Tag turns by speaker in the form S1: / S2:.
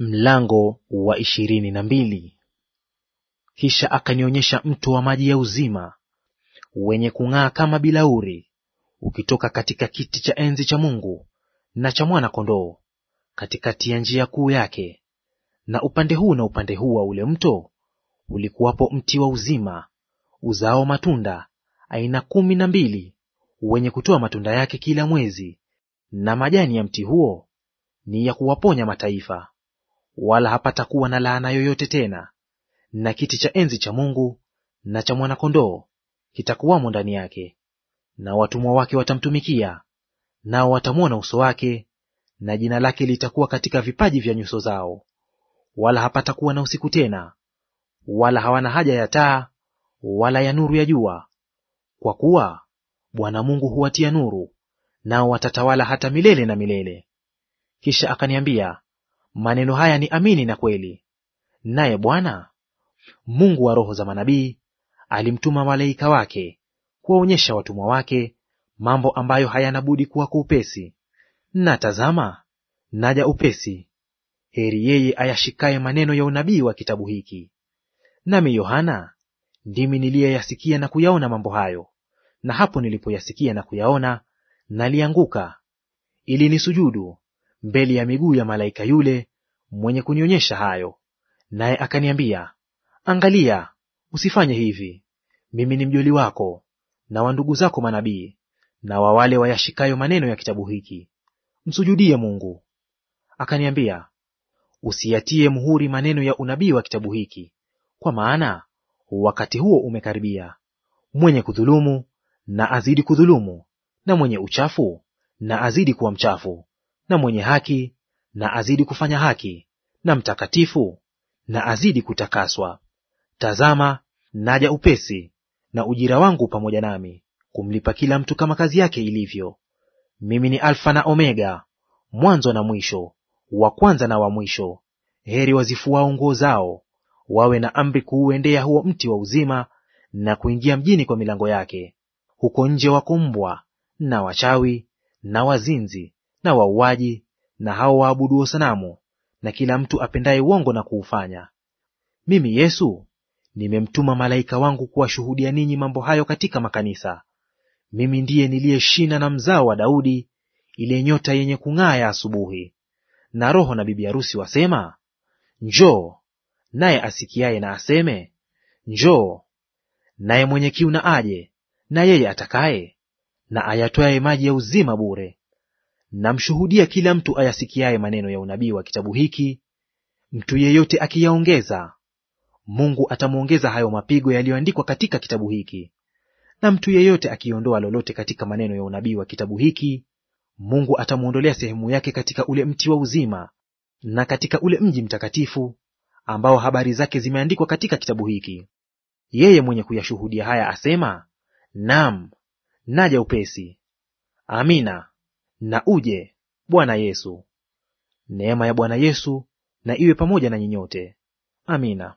S1: Mlango wa ishirini na mbili. Kisha akanionyesha mto wa maji ya uzima wenye kung'aa kama bilauri, ukitoka katika kiti cha enzi cha Mungu na cha mwana-kondoo, katikati ya njia kuu yake. Na upande huu na upande huu wa ule mto ulikuwapo mti wa uzima uzao matunda aina kumi na mbili, wenye kutoa matunda yake kila mwezi, na majani ya mti huo ni ya kuwaponya mataifa wala hapatakuwa na laana yoyote tena, na kiti cha enzi cha Mungu na cha mwana-kondoo kitakuwamo ndani yake, na watumwa wake watamtumikia, nao watamwona uso wake, na jina lake litakuwa katika vipaji vya nyuso zao. Wala hapatakuwa na usiku tena, wala hawana haja ya taa wala ya nuru ya jua, kwa kuwa Bwana Mungu huwatia nuru, nao watatawala hata milele na milele. Kisha akaniambia, Maneno haya ni amini na kweli. Naye Bwana Mungu wa roho za manabii alimtuma malaika wake kuwaonyesha watumwa wake mambo ambayo hayana budi kuwa kwa upesi. Na tazama, naja upesi. Heri yeye ayashikaye maneno ya unabii wa kitabu hiki. Nami Yohana ndimi niliyeyasikia na kuyaona mambo hayo, na hapo nilipoyasikia na kuyaona, nalianguka ili nisujudu, mbele ya miguu ya malaika yule mwenye kunionyesha hayo. Naye akaniambia, Angalia, usifanye hivi. Mimi ni mjoli wako na wa ndugu zako manabii na wa wale wayashikayo maneno ya kitabu hiki, msujudie Mungu. Akaniambia, usiyatie muhuri maneno ya unabii wa kitabu hiki, kwa maana wakati huo umekaribia. Mwenye kudhulumu na azidi kudhulumu, na mwenye uchafu na azidi kuwa mchafu na mwenye haki na azidi kufanya haki, na mtakatifu na azidi kutakaswa. Tazama, naja upesi, na ujira wangu pamoja nami, kumlipa kila mtu kama kazi yake ilivyo. Mimi ni Alfa na Omega, mwanzo na mwisho, wa kwanza na wa mwisho. Heri wazifuao nguo zao, wawe na amri kuuendea huo mti wa uzima na kuingia mjini kwa milango yake. Huko nje wako mbwa na wachawi na wazinzi na wauaji na hao waabuduo sanamu na kila mtu apendaye uongo na kuufanya. Mimi Yesu nimemtuma malaika wangu kuwashuhudia ninyi mambo hayo katika makanisa. Mimi ndiye niliye shina na mzao wa Daudi, ile nyota yenye kung'aa ya asubuhi. Na Roho na bibi harusi wasema njoo, naye asikiaye na aseme njoo, naye mwenye kiu na aje, na yeye atakaye, na ayatwaye maji ya uzima bure Namshuhudia kila mtu ayasikiaye maneno ya unabii wa kitabu hiki, mtu yeyote akiyaongeza, Mungu atamwongeza hayo mapigo yaliyoandikwa katika kitabu hiki. Na mtu yeyote akiondoa lolote katika maneno ya unabii wa kitabu hiki, Mungu atamwondolea sehemu yake katika ule mti wa uzima na katika ule mji mtakatifu ambao habari zake zimeandikwa katika kitabu hiki. Yeye mwenye kuyashuhudia haya asema, Naam, naja upesi. Amina na uje, Bwana Yesu. Neema ya Bwana Yesu na iwe pamoja na nyinyote. Amina.